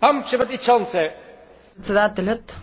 Председателят